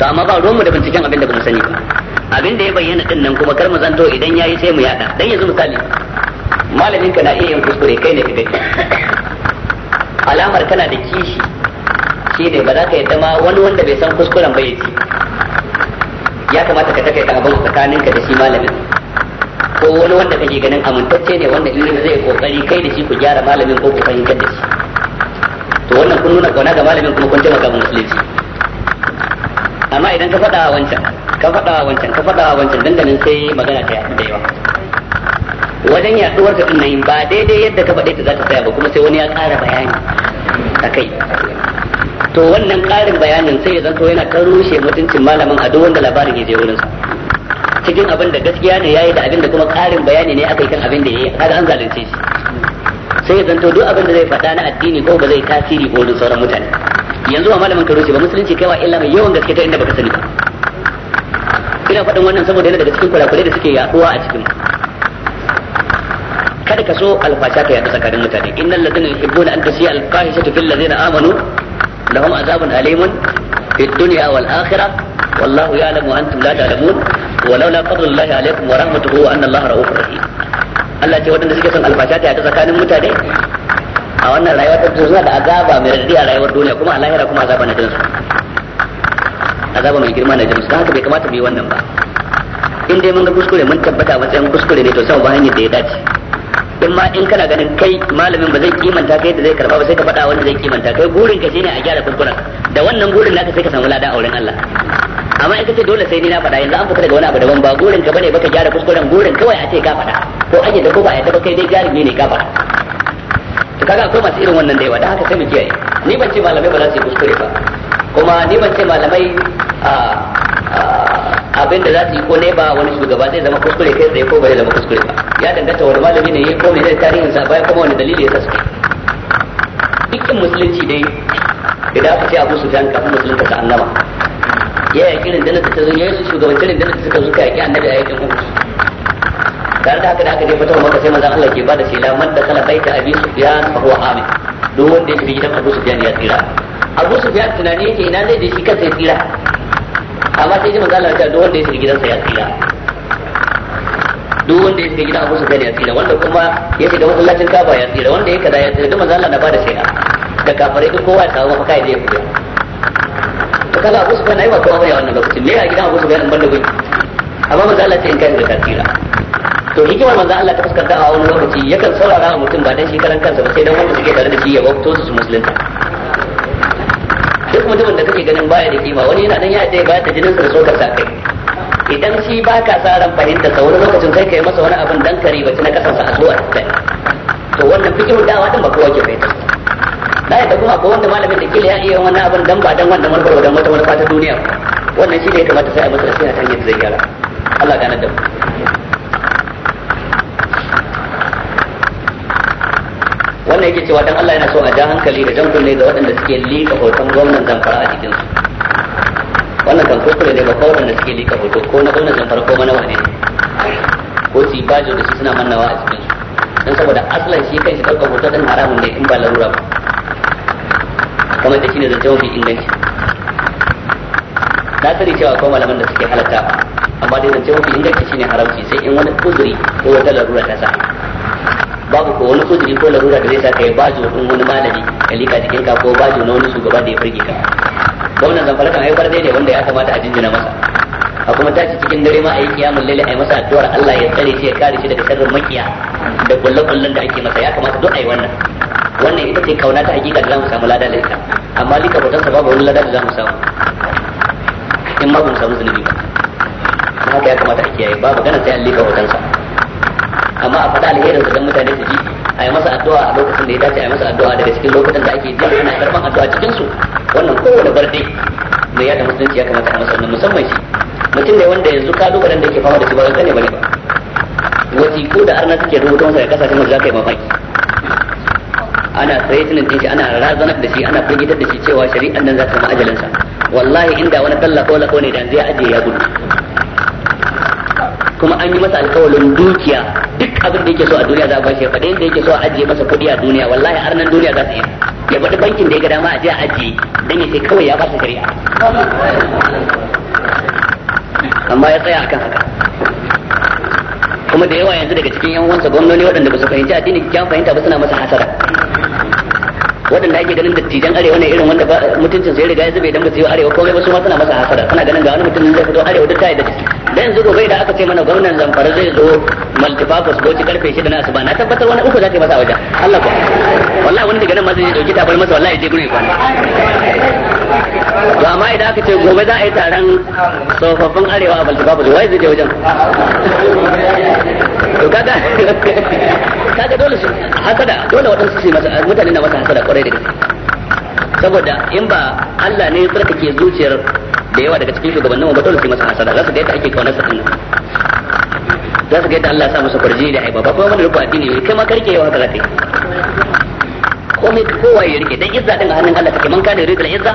to amma ba ruwan mu da binciken abin da mu sani ba abin da ya bayyana din nan kuma kar mu zanto idan yayi sai mu yada dan yanzu misali malamin ka na iya yin kuskure kai ne kake alamar kana da kishi shi ne ba za ka yadda ma wani wanda bai san kuskuren ba ya ci ya kamata ka takaita abin tsakaninka da shi malamin ko wani wanda kake ganin amintacce ne wanda in zai kokari kai da shi ku gyara malamin ko ku fahimtar da shi to wannan kun nuna kauna ga malamin kuma kun taimaka musulunci amma idan ka faɗa wancan ka faɗa wancan ka faɗa wancan dandanin sai magana ta yaɗu da yawa wajen yaduwar ta tunanin ba daidai yadda ka bade ta za ta tsaya ba kuma sai wani ya ƙara bayani a kai to wannan ƙarin bayanin sai ya zanto yana kan rushe mutuncin malamin a duk wanda labarin ya je wurin sa cikin abin da gaskiya ne yayi da abin da kuma ƙarin bayani ne aka yi kan abin da yayi kaga an zalunce shi sai ya zanto duk abin da zai faɗa na addini ko ba zai tasiri ko wurin sauran mutane yanzu ba malamin ka rushe ba musulunci kaiwa illa mai yawan gaske ta inda baka sani ba ina faɗin wannan saboda yana daga cikin kurakurai da suke yaduwa a cikin kada ka so alfasha ta yaɗu tsakanin mutane innal ladina yuhibbuna an tasiya alfahishatu fil ladina amanu lahum azabun alimun fid dunya wal akhirah wallahu ya'lamu antum la ta'lamun ولولا فضل wa عليكم ورحمته وان الله رؤوف رحيم Allah ce waɗanda suke son alfasha ta yaɗu tsakanin mutane a wannan rayuwa ta suna da azaba mai radadi a rayuwar duniya kuma a lahira kuma azaba na jinsu azaba mai girma na jinsu haka bai kamata mu yi wannan ba in dai mun ga kuskure mun tabbata matsayin kuskure ne to sai ba hanyar da ya dace in ma in kana ganin kai malamin ba zai kimanta kai da zai karba ba sai ka faɗa wanda zai kimanta kai gurin ka shine a gyara kuskuren da wannan gurin naka sai ka samu lada a wurin Allah amma in kace dole sai ni na faɗa yanzu an fita daga wani abu daban ba gurin ka bane baka gyara kuskuren gurin kawai a ce ka faɗa ko aje da ko ba ya taba kai dai jarumi ne ka faɗa to kaga akwai masu irin wannan da yawa dan haka sai mu kiyaye ni ban ce malamai ba za su yi kuskure ba kuma ni ban ce malamai a ah, ah, abin da za su yi ko ne ba wani shugaba zai zama kuskure kai tsaye ko ba zai zama kuskure ba ya danganta wani malami ne ko mai zai tarihin sa bayan kuma wani dalili ya saske dukkan musulunci dai idan aka ce abu su jan kafin musulunta ta annaba ya yaki rundunar ta zo yayin su shugabancin rundunar ta suka suka yaki annabi a yakin uhud tare da haka da aka je fatawa maka sai manzon Allah ke bada shela man da kala baita abi sufyan fa huwa amin duk wanda ya shiga gidan abu sufyan ya tsira abu sufyan tunani yake ina zai da shi kansa ya tsira amma sai ji manzo ta duk wanda ya shiga gidansa ya tsira duk wanda ya shiga gidan Abu Sufyan ya tsira wanda kuma ya shiga masallacin kaba ya tsira wanda ya kaza ya tsira duk manzo na bada shaida da kafare duk kowa ya samu mafaka ya je ya fita to kaga Abu Sufyan ai ba kowa ya wannan lokacin me ya gidan Abu Sufyan ban banda gudu amma manzo Allah in kai da tsira to hikimar manzo Allah ta fuskanta a wani lokaci yakan saurara mutum ba dan shi karan kansa ba sai dan wanda suke tare da shi ya bauta su musulunta mutumin da kake ganin baya da kima wani yana nan ya ce ba ta jinin sa da sokar kai idan shi ba ka sa ran fahimta sa wani lokacin kai kai masa wani abin dan kare bace na kasan a zuwa ta to wannan fikihun dawa din ba kowa ke fahimta da ya kuma ko wanda malamin da kila ya iya wannan abin dan ba dan wannan manufar dan wata wani fata duniya wannan shi ne kamata sai a masa sai a hanyar zai gyara Allah gane da mu wannan yake cewa dan Allah yana so a ja hankali da jan kunne ga waɗanda suke lika hoton gwamnan zamfara a jikin su wannan kan kure ne ba kawai da suke lika hoto ko na gwamnan zamfara ko na wane ko su bajo da su suna mannawa a cikin su dan saboda aslan shi kai shi ɗaukar hoto ɗin haramun ne in ba larura ba kamar da shi ne zance mafi inganci na sani cewa akwai malaman da suke halatta amma dai zance mafi inganci shine haramci sai in wani kuzuri ko wata larura ta sa babu ko wani kudiri ko larura da zai sa kai ba din wani malami ka lika jikin ka ko ba na wani shugaba da ya furge ka gwamnan zamfara kan haifar dai ne wanda ya kamata a jinjina masa a kuma tashi cikin dare ma a yi kiyamun laila a yi masa addu'ar Allah ya tsare shi ya kare shi daga sharrin makiya da kullakullan da ake masa ya kamata duk a yi wannan wannan ita ce kauna ta hakika da za mu samu lada da ita amma lika bautar sa babu wani lada da za mu samu in ma ba mu samu zunubi ba haka ya kamata a kiyaye babu ganin sai an lika bautar amma a faɗa alherin sa dan mutane su ji a yi masa addu'a a lokacin da ya dace a yi masa addu'a daga cikin lokutan da ake ji ana karɓan addu'a cikin su wannan kowane barde mai yada musulunci ya kamata a masa wannan musamman shi mutum ne wanda yanzu dan da ke fama da shi ba zan ne bane ba ko da arna take rubuta masa ga kasashen wanda za ka yi mamaki ana threatening din shi ana razanar da shi ana firgitar da shi cewa shari'an nan za ta zama sa wallahi inda wani ko lako ne da zai aje ya gudu kuma an yi masa alkawalin dukiya abin da yake so a duniya za a bashi ya faɗi inda yake so a ajiye masa kuɗi a duniya wallahi har nan duniya za su yi ya faɗi bankin da ya ga dama a je a ajiye dan ya sai kawai ya ba su shari'a amma ya tsaya akan haka kuma da yawa yanzu daga cikin yan uwansa gwamnoni waɗanda ba su fahimci addini kyan fahimta ba suna masa hasara waɗanda ake ganin dattijan arewa ne irin wanda mutuncin sai riga ya zube dan ba su yi arewa komai ba su ma suna masa hasara suna ganin ga wani mutum zai fito arewa duk ta yi da ciki dan yanzu gobe da aka ce mana gwamnan zamfara zai zo maltifakus ko ci karfe shida na asuba na tabbatar wani uku zaka masa wajen Allah ko wallahi wani daga nan ma zai dauki tabar masa wallahi je gure kwana to amma idan aka ce gobe za a yi taron tsofaffin arewa a maltifakus wai zai je wajen to kaga kaga dole su hakada dole wadansu su masa mutane na masa hakada kwarai da gaske saboda in ba Allah ne ya tsarkake zuciyar da yawa daga cikin shugabannin ba dole su masa hasada za su ga yadda ake kaunar sa dinnan za su ga Allah ya sa musu kwarji da haiba ba kuma wani rufa addini ne kai ma karke ke yawa za ka yi komai kowa ya rike dan izza din a hannun Allah take man kana rike dan izza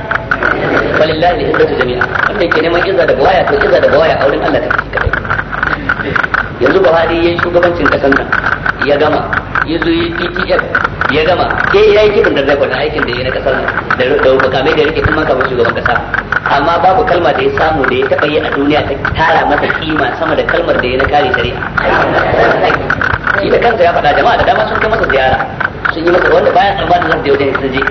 walillahi izzatu jami'a wanda yake neman izza da bawaya to izza da bawaya auren Allah take yanzu Buhari yayin shugabancin kasan nan ya gama ya zo yi PTF ya gama ke yayin kibin da zakon aikin da yake na kasar da da makamai da yake kuma kamar shugaban kasa amma babu kalma da ya samu da ya taɓa yi a duniya ta tara masa kima sama da kalmar da ya na kare shari'a shi da kansa ya faɗa jama'a da dama sun kai masa ziyara sun yi masa wanda baya tsammanin zan je wajen sun je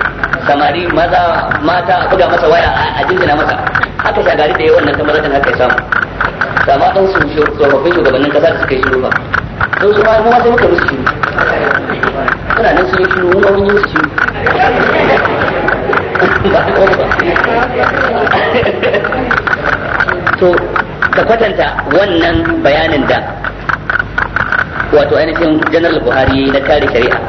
samari maza mata a buga masa waya a jinjina masa haka shagari da ya wannan tamarakan haka ya samu sama ɗan su tsofaffin shugabannin kasa da suka yi shiru ba sun su ma mu ma sai muka musu shiru suna nan sun yi shiru mun ma mun yi musu shiru to ka kwatanta wannan bayanin da wato ainihin general buhari na kare shari'a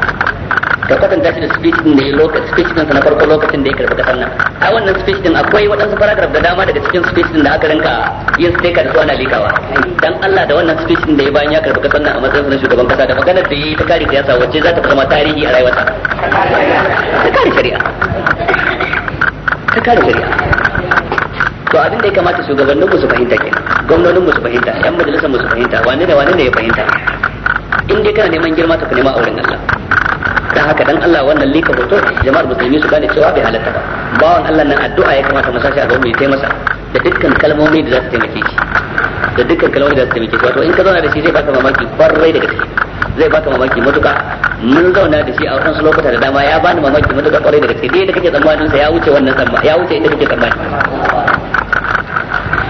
ka kwatanta shi da speech din da ya lokacin speech din na farko lokacin da ya karɓi kasar nan a wannan speech din akwai waɗansu paragraph da dama daga cikin speech din da aka rinka yin steka da su ana likawa dan Allah da wannan speech din da ya bayan ya karɓi kasar nan a matsayin na shugaban kasa da maganar da ya yi ta kare siyasa wacce za ta zama tarihi a rayuwarsa ta kare shari'a ka kare shari'a to abin da ya kamata shugabannin mu su fahimta ke gwamnonin mu su fahimta yan majalisar mu su fahimta wane da wane ne ya fahimta in dai kana neman girma ka nema auren Allah da haka dan Allah wannan lika hoto jama'ar musulmi su gane cewa bai halatta ba bawan Allah nan addu'a ya kamata mu sashi a gaban mu ya masa da dukkan kalmomi da za su taimake shi da dukkan kalmomi da za su taimake shi wato in ka zauna da shi zai baka mamaki kwarai da gaske zai baka mamaki matuka mun zauna da shi a wasu lokuta da dama ya bani mamaki mun daga kwarai da gaske dai da kake tsammanin sa ya wuce wannan tsamma ya wuce ita kake tsammani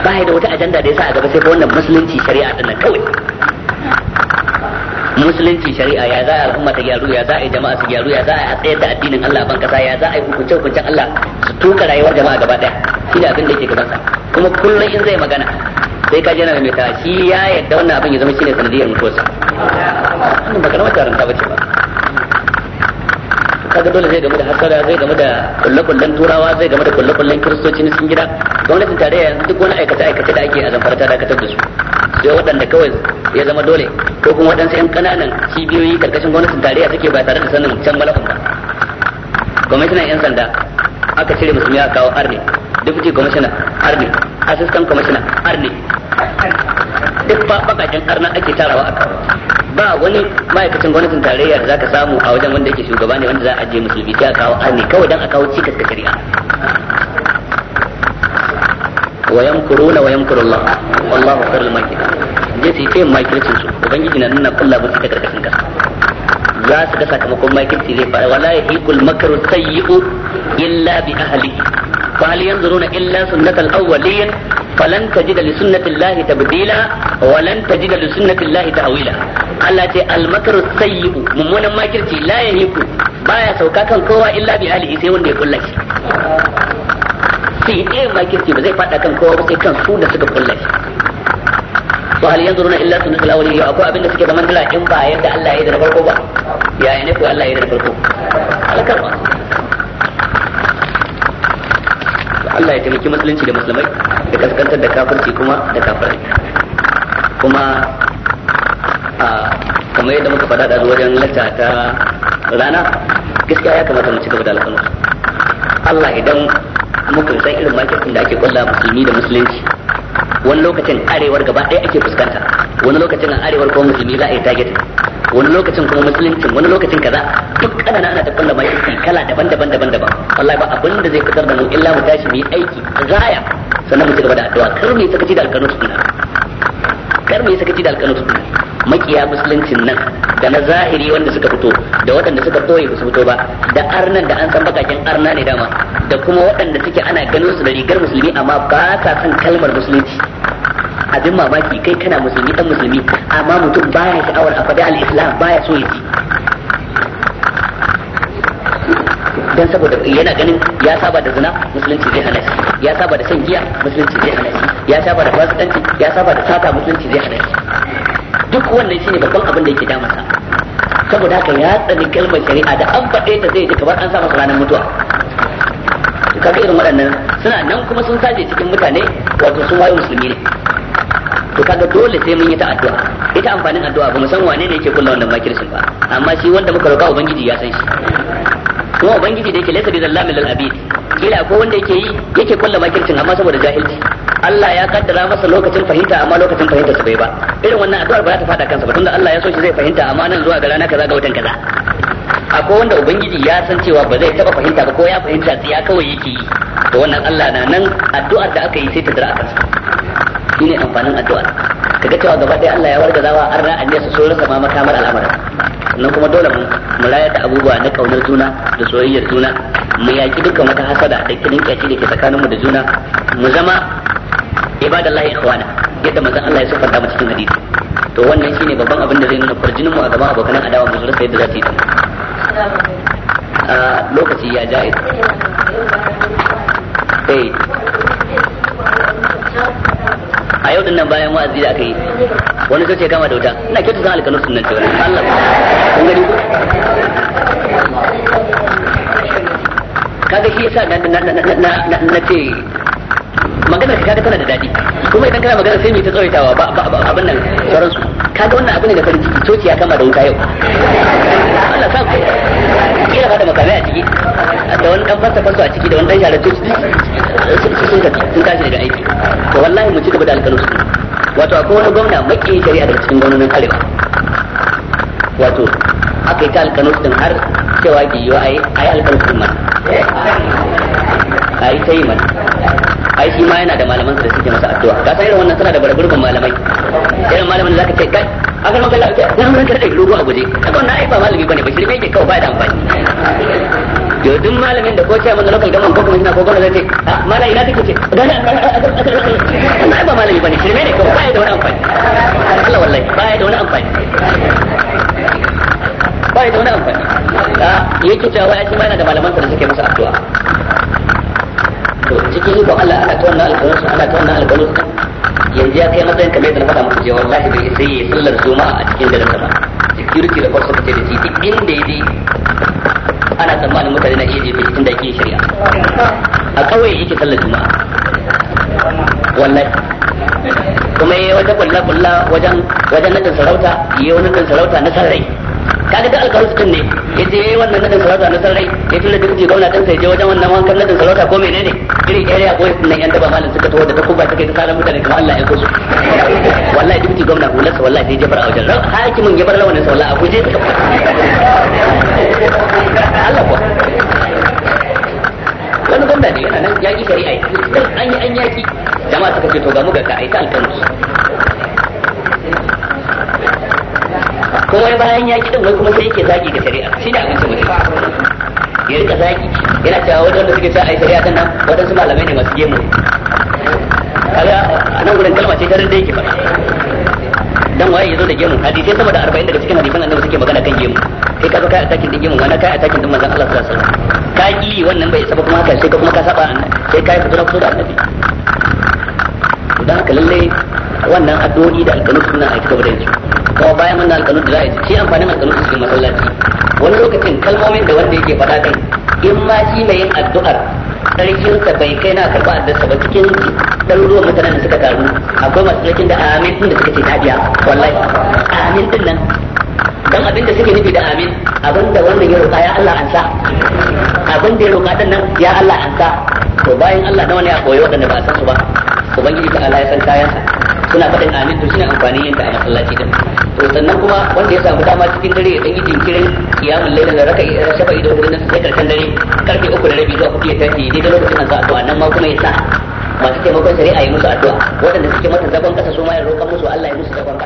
ba da wata ajanda da yasa a gaba sai ko wannan musulunci shari'a din nan kawai musulunci shari'a ya za a al'umma ta gyaru ya za a yi jama'a su gyaru ya za a tsayar da addinin Allah ban kasa ya za a yi hukunce hukuncen Allah su tuka rayuwar jama'a gaba daya shi da abin da yake gabansa kuma kullum in zai magana sai ka jana mai ta shi ya yadda wannan abin ya zama shine sanadiyar mutuwarsa wannan ba karamar taranta bace ba kaga dole zai game da hasara zai game da kullakullen turawa zai game da kullakullen kristoci na cikin gida gwamnatin tarayya yanzu duk wani aikace aikace da ake a zamfara ta dakatar da su sai waɗanda kawai ya zama dole ko kuma waɗansu 'yan ƙananan cibiyoyi karkashin gwamnatin tarayya suke ba tare da sanin can malakun ba gwamnatin 'yan sanda aka cire musulmi a kawo arne deputy commissioner arne assistant commissioner arne duk ba bakakin arna ake tarawa a kawo ba wani ma'aikacin gwamnatin tarayya da zaka samu a wajen wanda yake shugaba ne wanda za a je musulmi sai a kawo arni kawai dan a kawo cikas ga shari'a wa yamkuruna wa yamkurullah wallahu khairul makirin je su yi tayin makircin su ubangiji na nuna kulla musu ta karkashin kasa za su ga sakamakon makirci zai fara wala ya yahiqul makru sayyi'u illa bi ahlihi فهل ينظرون إلا سنة الأولين فلن تجد لسنة الله تبديلا ولن تجد لسنة الله تأويلا Allah ce almakar sayyi'u mummunan makirci la ba baya sauka kan kowa illa bi alihi sai wanda ya kulla shi sai ɗaya eh, makirci ba zai fada kan kowa ba sai kan su da suka kulla shi wa hal na illa sunnatul awwalin ya akwai abin da suke zaman dala in ba yadda Allah ya yi da farko ba ya yi ne ko Allah ya yi da farko alkar ba Allah ya taimaki musulunci da musulmai da kaskantar da kafirci kuma da kafirai kuma kamar yadda muka faɗa da wajen lacca ta rana gaskiya ya kamata mu ci gaba da alƙalu Allah idan muka san irin makin da ake kulla musulmi da musulunci wani lokacin arewar gaba ɗaya ake fuskanta wani lokacin an arewar kuma musulmi za a yi target wani lokacin kuma musulunci wani lokacin kaza duk kanana ana ta kulla makin kala daban-daban daban-daban wallahi ba abin da zai fitar da mu illa mu tashi mu yi aiki zaya sannan mu ci gaba da addu'a kar mu yi sakaci da alƙalu tukuna kar mu yi sakaci da alƙalu tukuna makiya musuluncin nan da na zahiri wanda suka fito da waɗanda suka ba su fito ba da arnan da an san bakakin arna ne dama da kuma waɗanda suke ana ganin su da rigar musulmi amma ba sa son kalmar musulunci abin mamaki kai kana musulmi dan musulmi amma mutum baya sha'awar a faɗi al-islam baya so ya ji dan saboda yana ganin ya saba da zina musulunci zai hana ya saba da shan giya musulunci zai hana ya saba da fasikanci ya saba da sata musulunci zai hana duk wannan shine babban abin da yake damunsa saboda haka ya tsani kalmar shari'a da an faɗe ta zai ji kamar an sa masa ranar mutuwa kaga irin waɗannan suna nan kuma sun saje cikin mutane wato sun wayo musulmi ne to kaga dole sai mun yi ta addu'a ita amfanin addu'a ba mu san wane ne yake kulla wannan makircin ba amma shi wanda muka roƙa ubangiji ya san shi kuma ubangiji da yake laysa bi zallamin lil abid kila ko wanda yake yi yake kulla makircin amma saboda jahilci Allah ya kaddara masa lokacin fahimta amma lokacin fahimta su bai ba irin wannan addu'ar ba za ta fada kansa ba tunda Allah ya so shi zai fahimta amma nan zuwa ga rana kaza ga watan kaza akwai wanda ubangiji ya san cewa ba zai taba fahimta ba ko ya fahimta sai ya kawai yake yi to wannan Allah na nan addu'ar da aka yi sai ta dira kansa ne amfanin addu'a kaga cewa gaba ɗaya Allah ya wargazawa an ra'a ne su so rasa ma makamar al'amarin nan kuma dole mu mu da abubuwa na kaunar juna da soyayyar juna mu yaki dukkan wata hasada da kirin kyaci da ke tsakaninmu da juna mu zama Allah ikhwana yadda manzon Allah ya sifanta mu cikin hadisi to wannan shine babban abin da zai nuna farjinin mu a gaban abokan adawa mu rasa yadda za yi a ah, lokaci ya ja'i eh a yau dinnan bayan wa'azi da aka yi wani sace kama da wuta ina kyautu san alkanu sunan ce wani Allah kun gani kaga shi yasa na na na na na ce magana ka kaga tana da daɗi kuma idan kana magana sai mai ta tsawaitawa ba abin nan sauransu kaga wannan abin da farin ciki coci ya kama da wuta yau Allah sa ku kira da makamai a ciki da wani dan fasa fasa a ciki da wani dan share coci sun tafi sun tashi daga aiki to wallahi mu ci gaba da alƙalin su wato akwai wani gwamna maki shari'a daga cikin gwamnonin arewa wato aka yi ta alƙalin din har cewa ki yi wa a yi alƙalin su ma a yi ta yi mana ai shi ma yana da malaman da suke masa addu'a ka san irin wannan suna da barburgun malamai irin malamin da zaka ce kai a kan magana ce na mun kada rugo a guje kaga wannan ai ba malami bane ba shirme yake kawai ba da amfani to duk malamin da ko ce mun lokacin da mun ko kuma ina ko gona zai ce ah, malami ina take ce dan ai ba malami bane shirme ne kawai ba da wani amfani Allah wallahi ba da wani amfani ba da wani amfani ah, yake cewa ya shi ma yana da malaman da suke masa addu'a to cikin Allah ana ta wannan alƙawarin ana ta wannan alƙawarin yanzu ya kai matsayin kamar yadda na faɗa maka cewa wallahi bai sai sallar juma'a a cikin daren sama. security da da shi duk inda ana tsammanin mutane na iya jefe cikin da shari'a a yake sallar wallahi kuma yayi wata kulla kulla wajen wajen nadin sarauta yayi wani nadin sarauta na sarrai kaga da alkaru sun ne yace yayi wannan nadin salata na sarrai ya tunda duk gwamna dan sai je wajen wannan wankan nadin salata ko menene irin area boys nan yan daba malin suka taho da takuba suka yi karan mutane kamar Allah ya ko su wallahi duk gwamna hular sa wallahi sai jefar a wajen ran hakimin ya bar lawanin sa wallahi a guje Allah ko wani gwamna ne yana nan ya yi shari'a an yi an yaki jama'a suka ce to ga mu ga ka aika alkaru kuma wai bayan ya kiɗin wai kuma sai yake zagi ga shari'a shi ne abinci mutum ya rika zagi yana cewa da suke sa a yi shari'a nan wadansu malamai ne masu gemu kaga a nan gudun kalma ce ta rinda yake faɗa dan waye yazo da gemu hadisi sama da 40 daga cikin hadisan annabi suke magana kan gemu kai ka kai attacking din gemu wani kai attacking din manzon Allah sallallahu alaihi wasallam ka ki wannan bai sabu kuma haka sai ka kuma ka saba sai kai fito na fito da annabi dan haka lalle wannan addu'o'i da alƙalu suna aiki gaba da yanzu kawo bayan wannan alƙalus da za a yi ce amfanin alƙalus cikin masallaci wani lokacin kalmomin da wanda yake faɗa din in ma shi mai yin addu'ar ka bai kai na karɓa addarsa ba cikin ɗaruruwan mutanen da suka taru akwai masu sarkin da amin din da suka ce tafiya wallahi amin din nan dan abin da suke nufi da amin abin da wannan ya roƙa ya Allah ansa abin da ya roƙa din nan ya Allah ansa to bayan Allah nawa ne a koyi waɗanda ba a san su ba ubangiji ta Allah ya san kayansa suna faɗin amin to shine amfanin yin ta a masallaci din sannan kuma wanda ya samu dama cikin dare ya yi jinkirin kiyamun laila da raka ya shafa ido wurin na sai karshen dare karfe uku da rabi zuwa kuke tashi da lokacin nan za a nan ma kuma ya sa masu taimakon shari'a yi musu addu'a waɗanda suke mata zagon ƙasa su ma ya roƙa musu Allah ya musu zagon